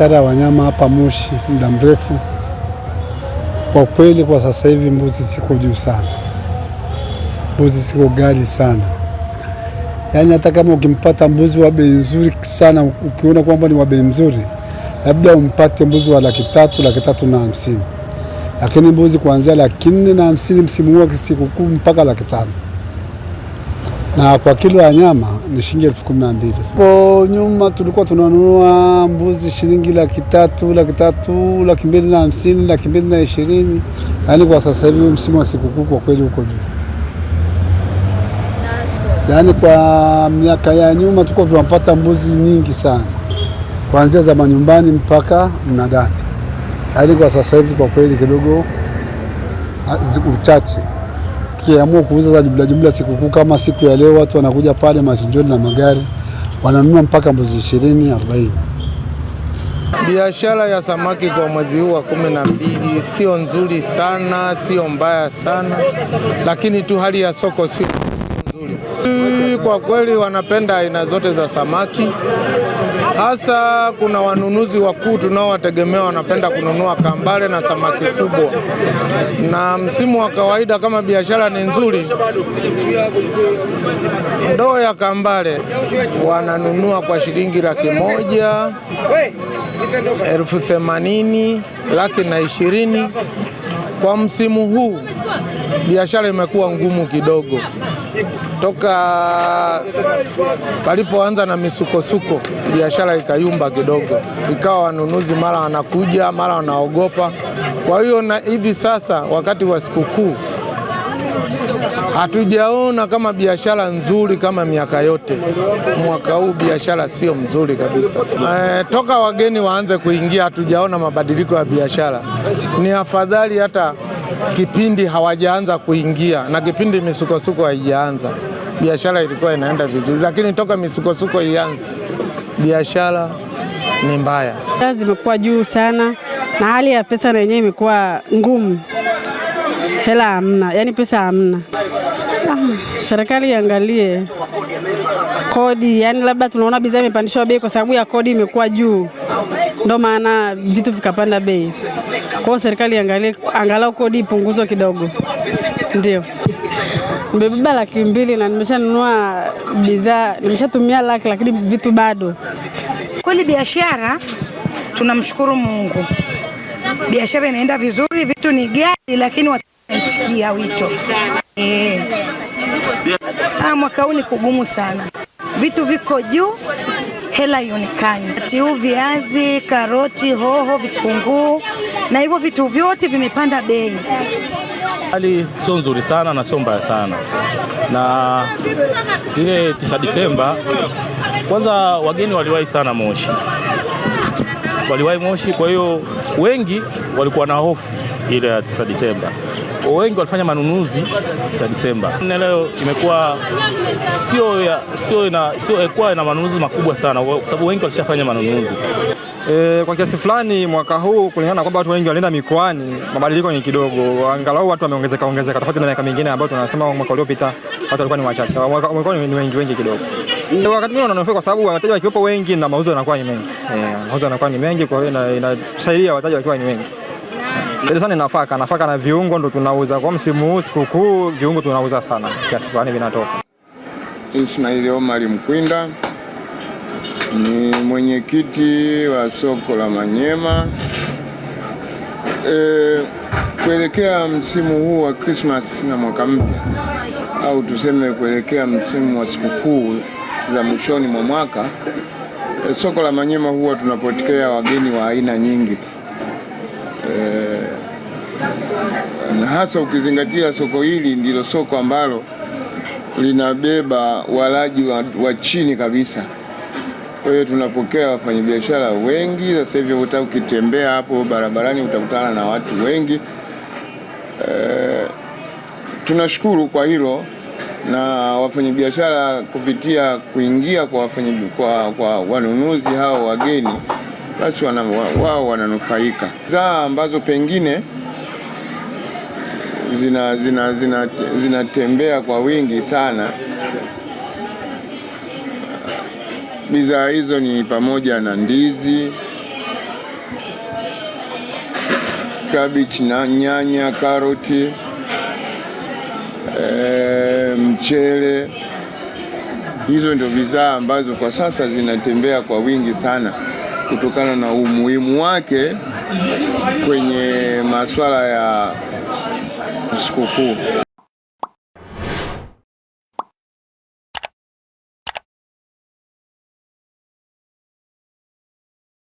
biashara ya wanyama hapa Moshi muda mrefu. Kwa kweli, kwa sasa hivi mbuzi siko juu sana, mbuzi siko ghali sana. Yaani hata kama ukimpata mbuzi wa bei nzuri sana, ukiona kwamba ni wa bei nzuri, labda umpate mbuzi wa laki tatu, laki tatu na hamsini, lakini mbuzi kuanzia laki nne na hamsini msimu huu wa sikukuu mpaka laki tano na kwa kilo ya nyama ni shilingi elfu kumi na mbili. Po nyuma tulikuwa tunanunua mbuzi shilingi laki tatu, laki tatu, laki mbili na hamsini, laki mbili na ishirini, yaani kwa sasa hivi msimu wa sikukuu kwa kweli uko juu. Yaani kwa miaka ya nyuma tulikuwa tunapata mbuzi nyingi sana, kuanzia za manyumbani mpaka mnadani, yaani kwa sasa hivi kwa kweli kidogo uchache kiamua kuuza za jumla jumla sikukuu kama siku ya leo, watu wanakuja pale machinjoni na magari wananunua mpaka mbuzi ishirini arobaini. Biashara ya samaki kwa mwezi huu wa kumi na mbili sio nzuri sana, sio mbaya sana, lakini tu hali ya soko sio nzuri kwa kweli. Wanapenda aina zote za samaki hasa kuna wanunuzi wakuu tunaowategemea wanapenda kununua kambale na samaki kubwa, na msimu wa kawaida kama biashara ni nzuri, ndoo ya kambale wananunua kwa shilingi laki moja elfu themanini laki na ishirini. Kwa msimu huu biashara imekuwa ngumu kidogo toka palipoanza na misukosuko, biashara ikayumba kidogo, ikawa wanunuzi mara wanakuja mara wanaogopa. Kwa hiyo na hivi sasa wakati wa sikukuu hatujaona kama biashara nzuri kama miaka yote. Mwaka huu biashara sio mzuri kabisa. E, toka wageni waanze kuingia hatujaona mabadiliko ya biashara. Ni afadhali hata kipindi hawajaanza kuingia na kipindi misukosuko haijaanza biashara ilikuwa inaenda vizuri, lakini toka misukosuko ianze biashara ni mbaya, zimekuwa juu sana, na hali ya pesa na yenyewe imekuwa ngumu, hela hamna, yani pesa hamna. Ah, serikali iangalie kodi, yani labda tunaona bidhaa imepandishwa bei kwa sababu ya kodi imekuwa juu, ndo maana vitu vikapanda bei. Kwa hiyo serikali iangalie angalau kodi ipunguzwe kidogo, ndio nimebeba laki mbili na nimeshanunua bidhaa, nimeshatumia laki, lakini vitu bado. Kweli biashara, tunamshukuru Mungu, biashara inaenda vizuri, vitu ni gari lakini watu wanaitikia wito e. Ah, mwaka huu ni kugumu sana, vitu viko juu, hela ionekani. Ati huu viazi, karoti, hoho, vitunguu na hivyo vitu vyote vimepanda bei. Hali sio nzuri sana na sio mbaya sana na ile 9 Desemba, kwanza wageni waliwahi sana Moshi, waliwahi Moshi. Kwa hiyo wengi walikuwa na hofu ile ya 9 Desemba, wengi walifanya manunuzi 9 Desemba. Leo imekuwa sio sio ina, sio ina manunuzi makubwa sana, kwa sababu wengi walishafanya manunuzi. E, kwa kiasi fulani mwaka huu kulingana na kwamba watu wengi walienda mikoani, mabadiliko ni kidogo, angalau watu wameongezeka ongezeka, tofauti na miaka mingine ambayo tunasema mwaka uliopita watu walikuwa ni wachache, mwaka ni wengi wengi kidogo. E, wakati mwingine wananufaika kwa sababu wateja wakiwepo wengi na mauzo yanakuwa ni mengi, e, mauzo yanakuwa ni mengi, kwa hiyo inasaidia wateja wakiwa ni wengi sana na, nafaka nafaka na viungo ndo tunauza kwa msimu huu sikukuu, viungo tunauza sana, kiasi fulani vinatoka. Ismail Omar Mkwinda ni mwenyekiti wa soko la Manyema. E, kuelekea msimu huu wa Krismas na mwaka mpya au tuseme kuelekea msimu wa sikukuu za mwishoni mwa mwaka e, soko la Manyema huwa tunapokea wageni wa aina nyingi e, na hasa ukizingatia soko hili ndilo soko ambalo linabeba walaji wa, wa chini kabisa. Kwa hiyo tunapokea wafanyabiashara wengi sasa hivi, uta ukitembea hapo barabarani utakutana na watu wengi e, tunashukuru kwa hilo na wafanyabiashara kupitia kuingia kwa, kwa, kwa wanunuzi hao wageni, basi wana, wao wananufaika zaa ambazo pengine zinatembea zina, zina, zina kwa wingi sana. Bidhaa hizo ni pamoja na ndizi, kabichi na nyanya, karoti, e, mchele. Hizo ndio bidhaa ambazo kwa sasa zinatembea kwa wingi sana kutokana na umuhimu wake kwenye masuala ya sikukuu.